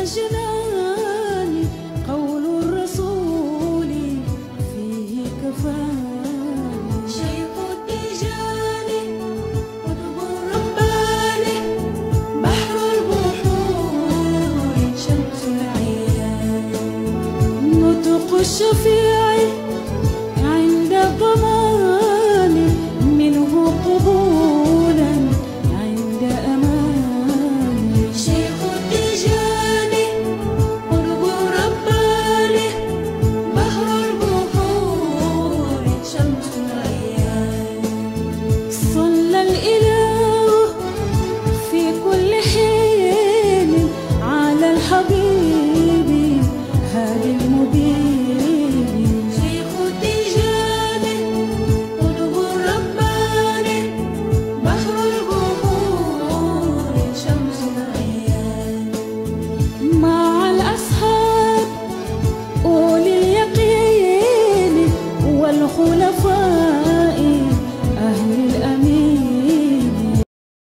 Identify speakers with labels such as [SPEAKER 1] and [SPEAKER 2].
[SPEAKER 1] الأجلال قول قطب الرباني بحر البحور شمس العيان نطق الشفيع خلفاء